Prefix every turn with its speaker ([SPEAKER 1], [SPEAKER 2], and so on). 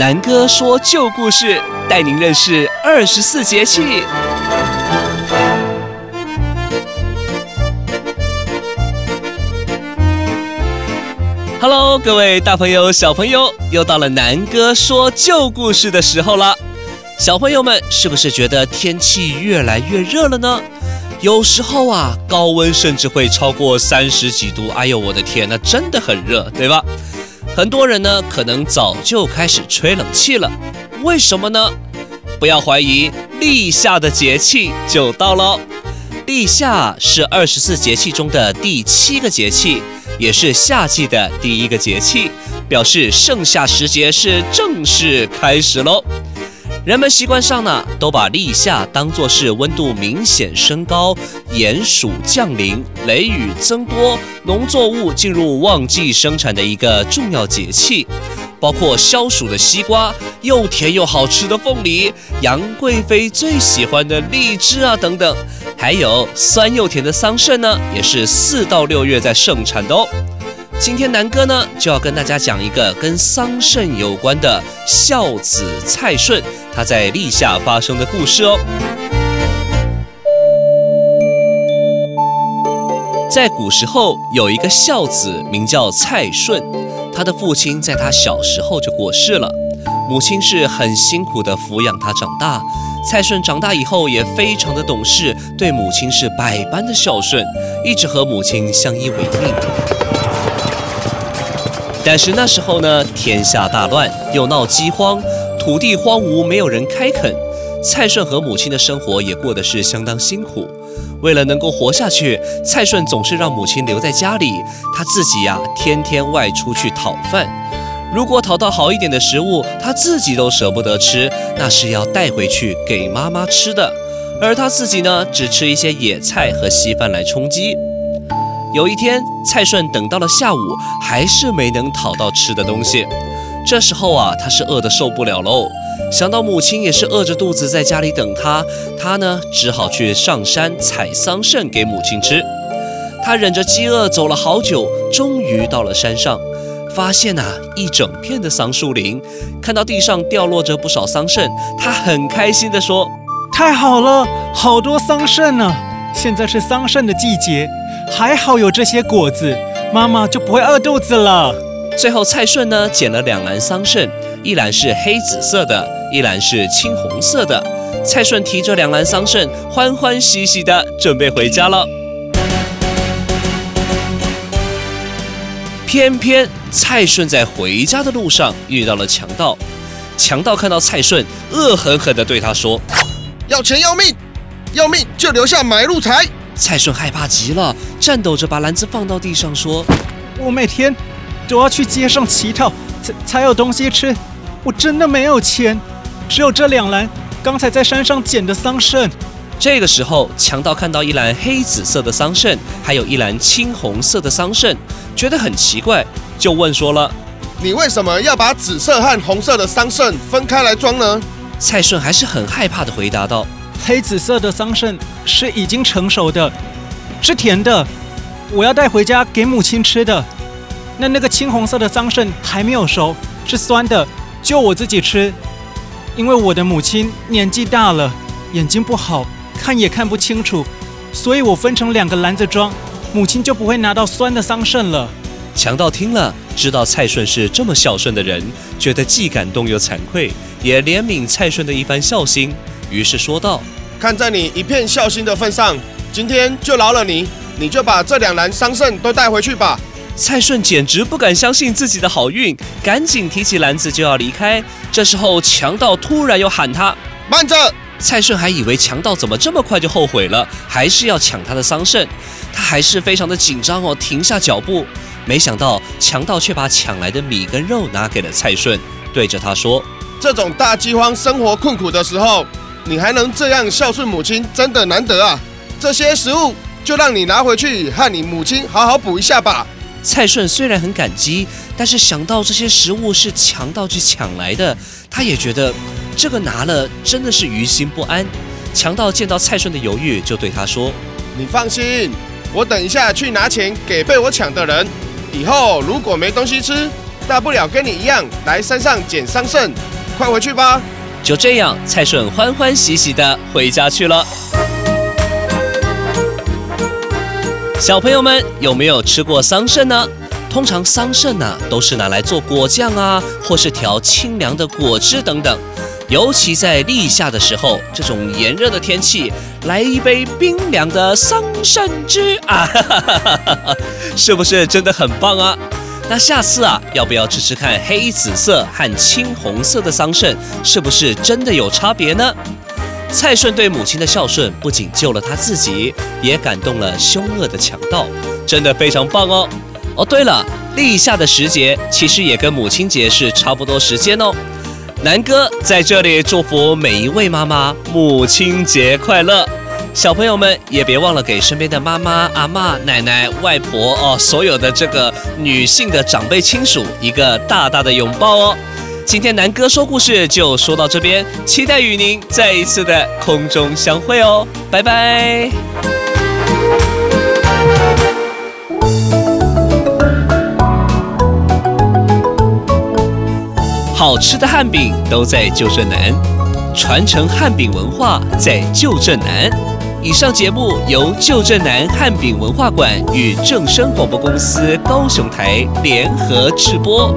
[SPEAKER 1] 南哥說舊故事，帶您認識二十四節氣。Hello，各位大朋友、小朋友，又到了南哥說舊故事的時候了。小朋友們，是不是覺得天氣越來越熱了呢？有時候啊，高溫甚至會超過三十幾度。哎呦，我的天，那真的很熱，對吧？很多人呢，可能早就開始吹冷氣了，為什麼呢？不要懷疑，立夏的節氣就到了。立夏是二十四節氣中的第七個節氣，也是夏季的第一個節氣，表示盛夏時節是正式開始嘍。人們習慣上呢，都把立夏當作是溫度明顯升高、炎暑降臨、雷雨增多、農作物進入旺季生產的一個重要節氣，包括消暑的西瓜、又甜又好吃的鳳梨、楊貴妃最喜歡的荔枝啊等等，還有酸又甜的桑葚呢，也是四到六月在盛產的哦。今天南哥呢，就要跟大家講一個跟桑葚有關的孝子蔡順，他在立夏發生的故事哦。在古時候，有一個孝子名叫蔡順，他的父親在他小時候就過世了，母親是很辛苦地撫養他長大。蔡順長大以後也非常的懂事，對母親是百般的孝順，一直和母親相依為命。但是那時候呢，天下大亂，又鬧饑荒，土地荒蕪，沒有人開墾。蔡順和母親的生活也過得是相當辛苦。為了能夠活下去，蔡順總是讓母親留在家裡，他自己呀、啊，天天外出去討飯。如果討到好一點的食物，他自己都捨不得吃，那是要帶回去給媽媽吃的。而他自己呢，只吃一些野菜和稀飯來充飢。有一天，蔡順等到了下午，還是沒能討到吃的東西。這時候啊，他是餓得受不了嘍。想到母親也是餓着肚子在家裡等他，他呢只好去上山採桑葚給母親吃。他忍着飢餓走了好久，終於到了山上，發現吶、啊、一整片的桑樹林，
[SPEAKER 2] 看到地上掉落着不少桑葚，他很開心地說：“太好了，好多桑葚呢、啊！”現在是桑葚的季節，還好有這些果子，媽媽就不會餓肚子了。最後，蔡順呢，撿了兩籃桑葚，
[SPEAKER 1] 一籃是黑紫色的，一籃是青紅色的。蔡順提着兩籃桑葚，歡歡喜喜的準備回家了。偏偏蔡順在回家的路上遇到了強盜，強盜看到蔡順，惡狠狠的對他說：“要錢要命。”
[SPEAKER 2] 要命，就留下買路財。蔡順害怕極了，顫抖着把籃子放到地上，說：“我每天都要去街上乞討，才才有東西吃。我真的沒有錢，只有這兩籃剛才在山上撿的桑葚。”
[SPEAKER 1] 這個時候，強盜看到一籃黑紫色的桑葚，還有一籃青紅色的桑葚，覺得很奇怪，就問說了：“你為什麼要把紫色和
[SPEAKER 2] 紅色的桑葚分開來裝呢？”蔡順還是很害怕地回答道。黑紫色的桑葚是已經成熟的，是甜的，我要帶回家給母親吃的。那那個青紅色的桑葚還沒有熟，是酸的，就我自己吃。因為我的母親年紀大了，眼睛不好，看也看不清楚，所以我分成兩個籃子裝，母親就不會拿到酸的桑葚了。
[SPEAKER 1] 強盜聽了，知道蔡順是這麼孝順的人，覺得既感動又慚愧，也憐憫蔡順的一番孝心。於是說道：“看在你一片孝心的份上，今天就饒了你。你就把這兩籃桑葚都帶回去吧。”蔡順簡直不敢相信自己的好運，趕緊提起籃子就要離開。這時候，強盜突然又喊他：“慢着！”蔡順還以為強盜怎麼這麼快就後悔了，還是要搶他的桑葚，他還是非常的緊張哦，停下腳步。沒想到強盜卻把搶來的米跟肉拿給了蔡順，對着他說：“這種大饑荒、生活困苦的時候。”你還能這樣孝順母親，真的難得啊！這些食物就讓你拿回去和你母親好好補一下吧。蔡順雖然很感激，但是想到這些食物是強盜去搶來的，他也覺得這個拿了真的是於心不安。強盜見到蔡順的猶豫，就對他說：“你放心，我等一下去拿錢給被我搶的人。以後如果沒東西吃，大不了跟你一樣來山上撿桑葚。快回去吧。”就這樣，蔡順歡歡喜喜地回家去了。小朋友們有沒有吃過桑葚呢？通常桑葚呢、啊、都是拿來做果醬啊，或是調清涼的果汁等等。尤其在立夏的時候，這種炎熱的天氣，來一杯冰涼的桑葚汁啊，是不是真的很棒啊？那下次啊，要不要吃吃看黑紫色和青紅色的桑葚，是不是真的有差別呢？蔡順對母親的孝順不僅救了他自己，也感動了凶惡的強盜，真的非常棒哦。哦，對了，立夏的時節其實也跟母親節是差不多時間哦。南哥在這裡祝福每一位媽媽，母親節快樂。小朋友們也別忘了給身邊的媽媽、阿嬤、奶奶、外婆哦，所有的這個女性的長輩親屬一個大大的擁抱哦。今天南哥說故事就說到這邊，期待與您再一次的空中相會哦，拜拜。好吃的漢餅都在舊振南，傳承漢餅文化在舊振南。以上節目由舊鎮南漢餅文化館與正聲廣播公司高雄台聯合製播。